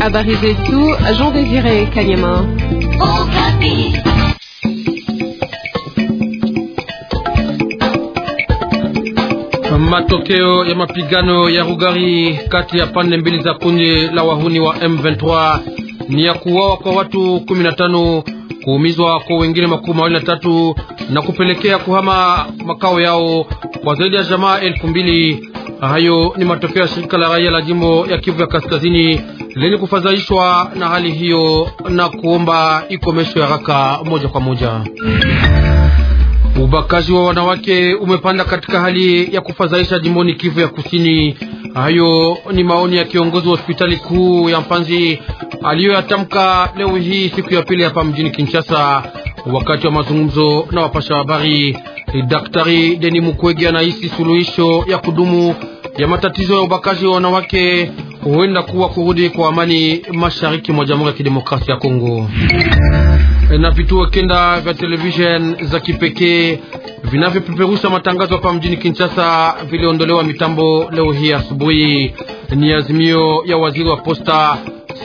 Habari zetu, Jean Désiré Kanyama. Matokeo ya mapigano ya Rugari kati ya pande mbili za kundi la wahuni wa M23 ni ya kuwawa kwa watu 15, kuumizwa kwa wengine makumi mawili na tatu na kupelekea kuhama makao yao kwa zaidi ya jamaa elfu mbili Hayo ni matokeo ya shirika la raia la jimbo ya Kivu ya Kaskazini lenye kufadhaishwa na hali hiyo na kuomba ikomeshwe haraka moja kwa moja. Ubakaji wa wanawake umepanda katika hali ya kufadhaisha jimboni Kivu ya Kusini. Hayo ni maoni ya kiongozi wa hospitali kuu ya Mpanzi aliyoyatamka leo hii siku ya pili hapa mjini Kinshasa wakati wa mazungumzo na wapasha habari. Daktari Deni Mukwege anahisi suluhisho ya kudumu ya matatizo ya ubakaji wa wanawake huenda kuwa kurudi kwa amani mashariki mwa Jamhuri ya Kidemokrasia ya Kongo. Na vituo kenda vya television za kipekee vinavyopeperusha matangazo hapa mjini Kinshasa viliondolewa mitambo leo hii asubuhi. Ni azimio ya waziri wa posta,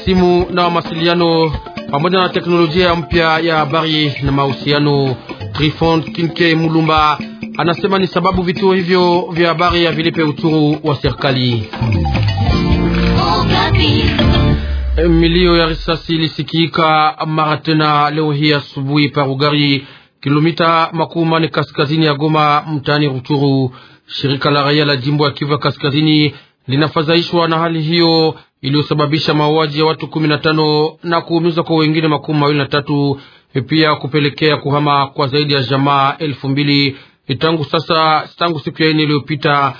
simu na mawasiliano pamoja na teknolojia mpya ya habari na mahusiano, Trifon Kinke Mulumba Anasema ni sababu vituo hivyo vya habari havilipe uturu wa serikali. Milio ya risasi ilisikika mara tena leo hii asubuhi Parugari, kilomita makumi mane kaskazini ya Goma, mtaani Rutshuru. Shirika la raia la jimbo ya Kivu ya kaskazini linafadhaishwa na hali hiyo iliyosababisha mauaji ya watu kumi na tano na kuumizwa kwa wengine makumi mawili na tatu pia kupelekea kuhama kwa zaidi ya jamaa elfu mbili tangu sasa, tangu siku ya ine iliyopita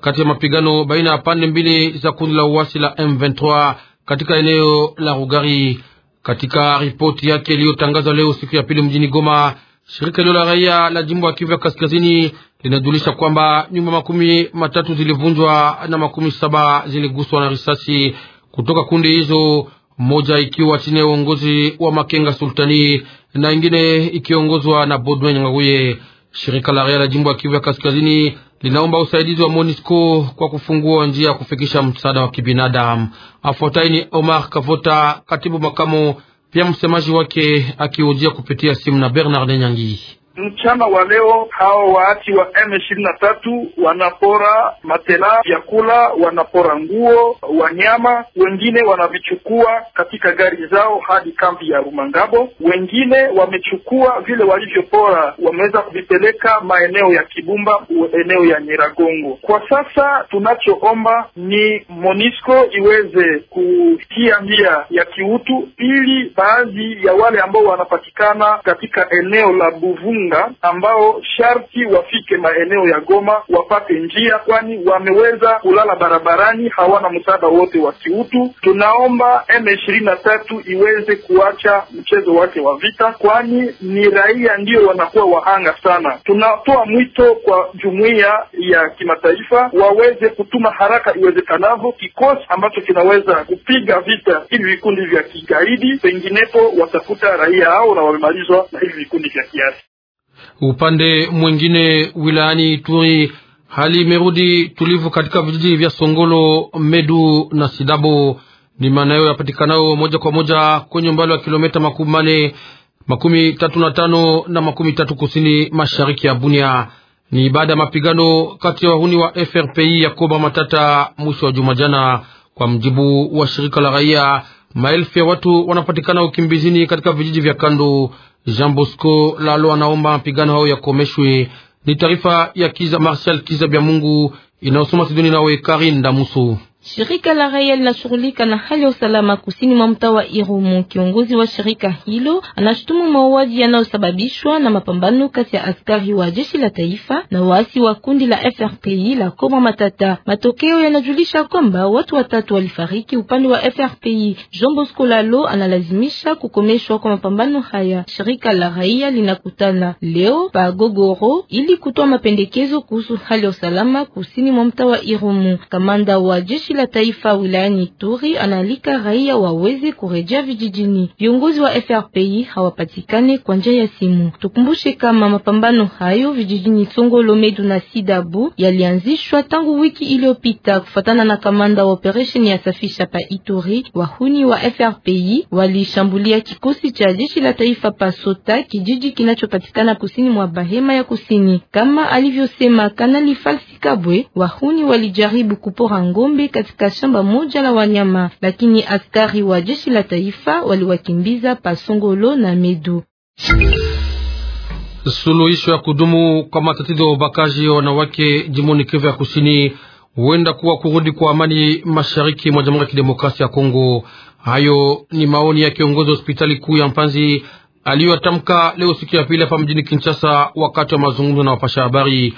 kati ya mapigano baina ya pande mbili za kundi la uasi la M23 katika eneo la Rugari. Katika ripoti yake iliyotangazwa leo siku ya pili mjini Goma, shirika hilo la raia la jimbo ya Kivu ya kaskazini linajulisha kwamba nyumba makumi matatu zilivunjwa na makumi saba ziliguswa na risasi kutoka kundi hizo, moja ikiwa chini ya uongozi wa Makenga Sultani na ingine ikiongozwa na Bodwen Ngaguye. Shirika la raia la jimbo ya Kivu ya Kaskazini linaomba usaidizi wa MONUSCO kwa kufungua njia ya kufikisha msaada wa kibinadamu. Afuatayi ni Omar Kavota, katibu makamu, pia msemaji wake, akiujia kupitia simu na Bernard Nyangi. Mchana wa leo hao waati wa M23 wanapora matela, vyakula, wanapora nguo, wanyama. Wengine wanavichukua katika gari zao hadi kambi ya Rumangabo. Wengine wamechukua vile walivyopora, wameweza kuvipeleka maeneo ya Kibumba, eneo ya Nyiragongo. Kwa sasa tunachoomba ni monisco iweze kutia njia ya kiutu, ili baadhi ya wale ambao wanapatikana katika eneo la Buvungu punda ambao sharti wafike maeneo ya Goma wapate njia, kwani wameweza kulala barabarani, hawana msaada wote wa kiutu. Tunaomba M23 iweze kuacha mchezo wake wa vita, kwani ni raia ndio wanakuwa wahanga sana. Tunatoa mwito kwa jumuiya ya kimataifa waweze kutuma haraka iwezekanavyo kikosi ambacho kinaweza kupiga vita hivi vikundi vya kigaidi, penginepo watakuta raia hao na wamemalizwa na hivi vikundi vya kiasi. Upande mwingine wilayani Ituri hali imerudi tulivu katika vijiji vya Songolo, Medu na Sidabo. Ni maeneo yapatikanayo moja kwa moja kwenye umbali wa kilomita makumi mane makumi tatu na tano na makumi tatu kusini mashariki ya Bunia. Ni baada ya mapigano kati ya wahuni wa FRPI ya Koba Matata mwisho wa juma jana. Kwa mjibu wa shirika la raia, maelfu ya watu wanapatikana ukimbizini katika vijiji vya kando Jean Bosco Lalo anaomba mapigano hayo yakomeshwe. Ni taarifa ya Kiza Marshal Kiza Bya Mungu inayosoma Sidoni nawe Karin Damusu. Shirika la raia linashughulika na hali ya usalama kusini mwa mtaa wa Irumu. Kiongozi wa shirika hilo anashutumu mauaji yanayosababishwa na mapambano kati ya askari wa jeshi la taifa na waasi wa kundi la FRPI la Koma Matata. Matokeo yanajulisha kwamba watu watatu walifariki upande wa FRPI. Jean Bosco Lalo analazimisha kukomeshwa kwa mapambano haya. Shirika la raia linakutana leo pa Gogoro ili kutoa mapendekezo kuhusu hali ya usalama kusini mwa mtaa wa Irumu. Kamanda wa jeshi la taifa wilayani Ituri analika raia waweze kurejea vijijini. Viongozi wa FRPI hawapatikane kwa njia ya simu. Tukumbushe kama mapambano hayo vijijini Songo, Lomedu na Sidabu yalianzishwa tangu wiki iliyopita kufuatana na kamanda wa operation ya safisha pa Ituri. Wahuni wa FRPI walishambulia kikosi cha jeshi la taifa pa Sota, kijiji kinachopatikana kusini mwa Bahema ya Kusini. Kama alivyosema Kanali Falsi Kabwe, wahuni walijaribu kupora ngombe katika shamba moja la wanyama, lakini askari wa jeshi la taifa waliwakimbiza Pasongolo na Medu. Suluhisho ya kudumu kwa matatizo ya ubakaji ya wanawake jimboni Kivu ya Kusini huenda kuwa kurudi kwa amani mashariki mwa Jamhuri ya Kidemokrasia ya Kongo. Hayo ni maoni ya kiongozi wa hospitali kuu ya Mpanzi aliyotamka leo siku ya pili hapa mjini Kinshasa, wakati wa mazungumzo na wapasha habari.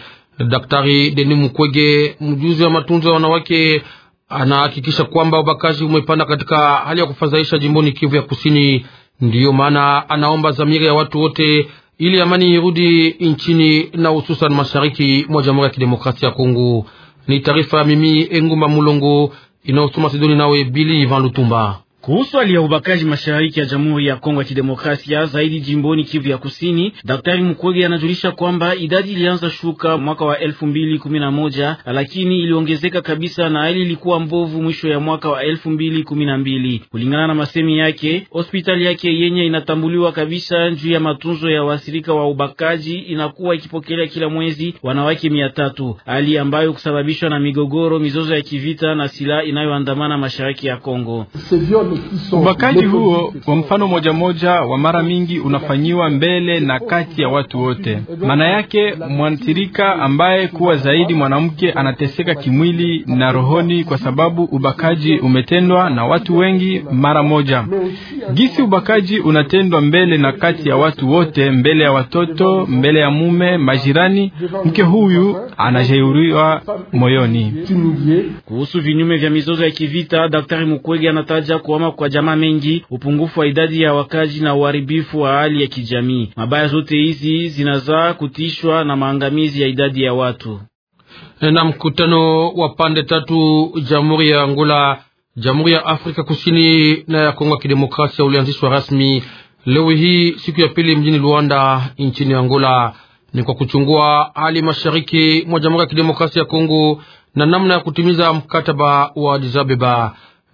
Daktari Denis Mukwege, mjuzi wa matunzo ya wanawake anahakikisha kwamba ubakaji umepanda katika hali ya kufadhaisha jimboni Kivu ya Kusini. Ndiyo maana anaomba zamiri ya watu wote ili amani irudi nchini na hususan mashariki mwa Jamhuri ya Kidemokrasia ya Kongo. Ni taarifa ya mimi Engumba Mulongo inayosoma Sidoni nawe Bili Ivan Lutumba. Kuhusu hali ya ubakaji mashariki ya Jamhuri ya Kongo ya Kidemokrasia, zaidi jimboni Kivu ya Kusini, Daktari Mukwege anajulisha kwamba idadi ilianza shuka mwaka wa elfu mbili kumi na moja lakini iliongezeka kabisa na hali ilikuwa mbovu mwisho ya mwaka wa elfu mbili kumi na mbili kulingana na masemi yake. Hospitali yake yenye inatambuliwa kabisa juu ya matunzo ya waathirika wa ubakaji inakuwa ikipokelea kila mwezi wanawake mia tatu, hali ambayo kusababishwa na migogoro, mizozo ya kivita na silaha inayoandamana mashariki ya Kongo. Ubakaji huo kwa mfano moja moja wa mara mingi unafanyiwa mbele na kati ya watu wote. Maana yake mwathirika ambaye kuwa zaidi mwanamke anateseka kimwili na rohoni, kwa sababu ubakaji umetendwa na watu wengi mara moja. Gisi ubakaji unatendwa mbele na kati ya watu wote, mbele ya watoto, mbele ya mume, majirani, mke huyu anajeruhiwa moyoni. Kuhusu vinyume vya mizozo ya kivita, Daktari Mukwege anataja kuama kwa jamaa mengi, upungufu wa idadi ya wakazi na uharibifu wa hali ya kijamii. Mabaya zote hizi zinazaa kutishwa na maangamizi ya idadi ya watu. E, na mkutano wa pande tatu, Jamhuri ya Angola, Jamhuri ya Afrika Kusini na ya Kongo ya Kidemokrasia ulianzishwa rasmi leo hii siku ya pili mjini Luanda nchini Angola ni kwa kuchungua hali mashariki mwa Jamhuri ya Kidemokrasia ya Kongo na namna ya kutimiza mkataba wa Addis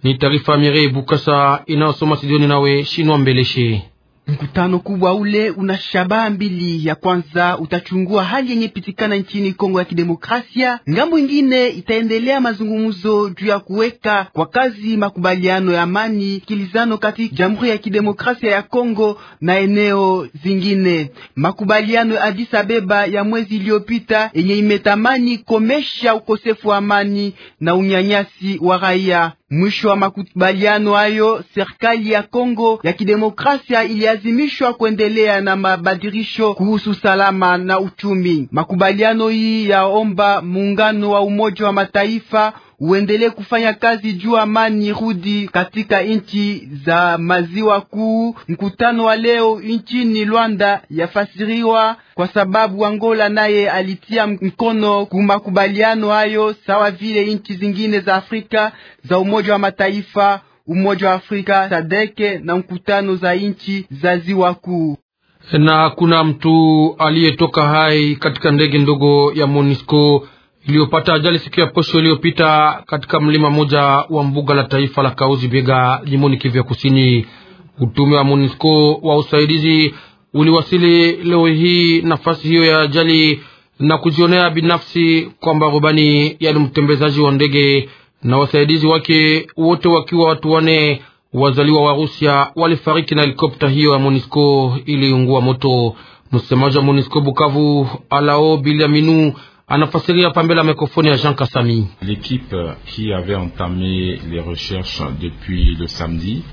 Ni taarifa ya Mirei Bukasa inayosoma studioni nawe Shinwa Mbeleshi. Mkutano kubwa ule una shabaha mbili. Ya kwanza utachungua hali yenye pitikana nchini Kongo ya Kidemokrasia, ngambo ingine itaendelea mazungumzo juu ya kuweka kwa kazi makubaliano ya amani kilizano kati Jamhuri ya Kidemokrasia ya Kongo na eneo zingine. Makubaliano ya Addis Abeba ya mwezi iliyopita yenye imetamani komesha ukosefu wa amani na unyanyasi wa raia. Mwisho wa makubaliano hayo, serikali ya Kongo ya Kidemokrasia iliazimishwa kuendelea na mabadilisho kuhusu salama na uchumi. Makubaliano hii yaomba muungano wa Umoja wa Mataifa uendelee kufanya kazi juu amani rudi katika nchi za maziwa kuu. Mkutano wa leo nchini Rwanda yafasiriwa kwa sababu Angola naye alitia mkono kumakubaliano hayo, sawa vile nchi zingine za Afrika za Umoja wa Mataifa, Umoja wa Afrika, Sadeke na mkutano za nchi za ziwa kuu na kuna mtu aliyetoka hai katika ndege ndogo ya Monisco iliyopata ajali siku ya posho iliyopita katika mlima mmoja wa mbuga la taifa la Kauzi Biega jimoni Kivu ya Kusini. Utume wa MONUSCO wa usaidizi uliwasili leo hii nafasi hiyo ya ajali na kujionea binafsi kwamba rubani, yani mtembezaji wa ndege na wasaidizi wake wote wakiwa watu wane wazaliwa wa Rusia walifariki na helikopta hiyo ya MONUSCO iliungua moto. Msemaji wa MONUSCO Bukavu, Alao Biliaminu anafasiria pambele ya mikrofoni ya Jean Kasami.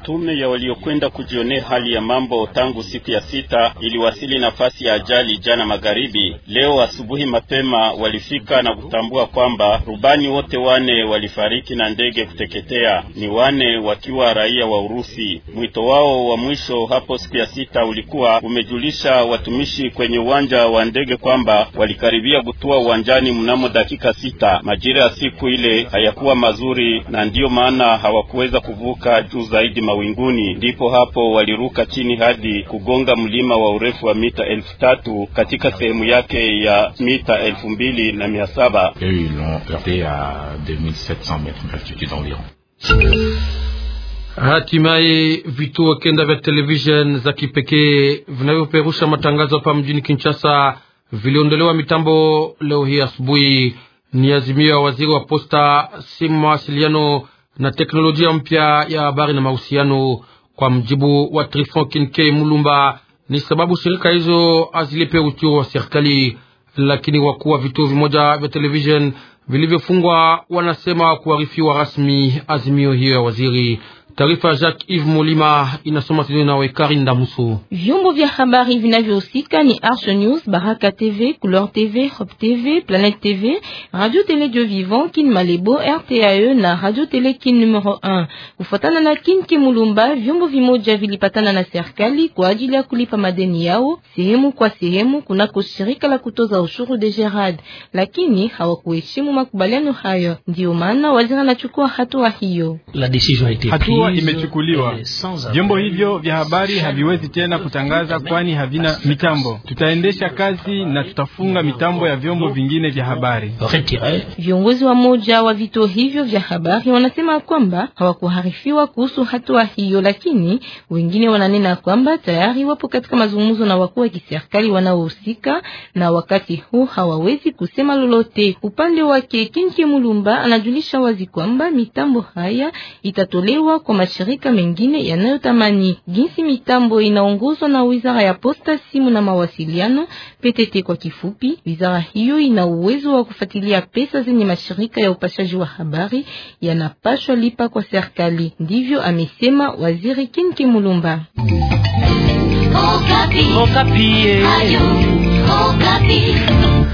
Tume ya waliokwenda kujionea hali ya mambo tangu siku ya sita iliwasili nafasi ya ajali jana magharibi. Leo asubuhi mapema walifika na kutambua kwamba rubani wote wane walifariki na ndege kuteketea, ni wane wakiwa raia wa Urusi. Mwito wao wa mwisho hapo siku ya sita ulikuwa umejulisha watumishi kwenye uwanja wa ndege kwamba walikaribia kutua uwanja Darajani mnamo dakika sita. Majira ya siku ile hayakuwa mazuri, na ndiyo maana hawakuweza kuvuka juu zaidi mawinguni. Ndipo hapo waliruka chini hadi kugonga mlima wa urefu wa mita elfu tatu katika sehemu yake ya mita elfu mbili na mia saba. Hatimaye vituo kenda vya televishen za kipekee vinavyoperusha matangazo hapa mjini Kinshasa viliondolewa mitambo leo hii asubuhi. Ni azimio ya waziri wa posta, simu, mawasiliano na teknolojia mpya ya habari na mahusiano. Kwa mjibu wa Trifon Kinke Mulumba, ni sababu shirika hizo hazilipe uchuo wa serikali, lakini wakuu wa vituo vimoja vya television vilivyofungwa wanasema kuarifiwa rasmi azimio hiyo ya waziri. Taarifa ya Jacques Yves Molima inasoma tena nawe Karinda Muso. Vyombo vya habari vinavyohusika ni Arche News, Baraka TV, Couleur TV, Hope TV, Planet TV, Radio Télé Dieu Vivant, Kin Malebo, RTAE na Radio Télé Kin numero 1. Kufuatana na Kin Kimulumba, vyombo vimoja vilipatana na serikali kwa ajili ya kulipa madeni yao sehemu kwa sehemu kunako shirika la kutoza ushuru de Gerard, lakini hawakuheshimu makubaliano hayo, ndio maana waziri anachukua hatua hiyo. La decision a été prise hatua imechukuliwa. Vyombo hivyo vya habari haviwezi tena kutangaza, kwani havina mitambo. Tutaendesha kazi na tutafunga mitambo ya vyombo vingine vya habari. Viongozi wa moja wa vituo hivyo vya habari wanasema kwamba hawakuharifiwa kuhusu hatua hiyo, lakini wengine wananena kwamba tayari wapo katika mazungumzo na wakuu wa kiserikali wanaohusika, na wakati huu hawawezi kusema lolote. Upande wake Kinke Mulumba anajulisha wazi kwamba mitambo haya itatolewa kwa kwa mashirika mengine yanayotamani. Jinsi mitambo inaongozwa na wizara ya posta, simu na mawasiliano PTT kwa kifupi. Wizara hiyo ina uwezo wa kufuatilia pesa zenye mashirika ya upashaji wa habari yanapashwa lipa kwa serikali, ndivyo amesema waziri Kinki Mulumba. Okapi. Okapi. Eh. Ayu, Okapi.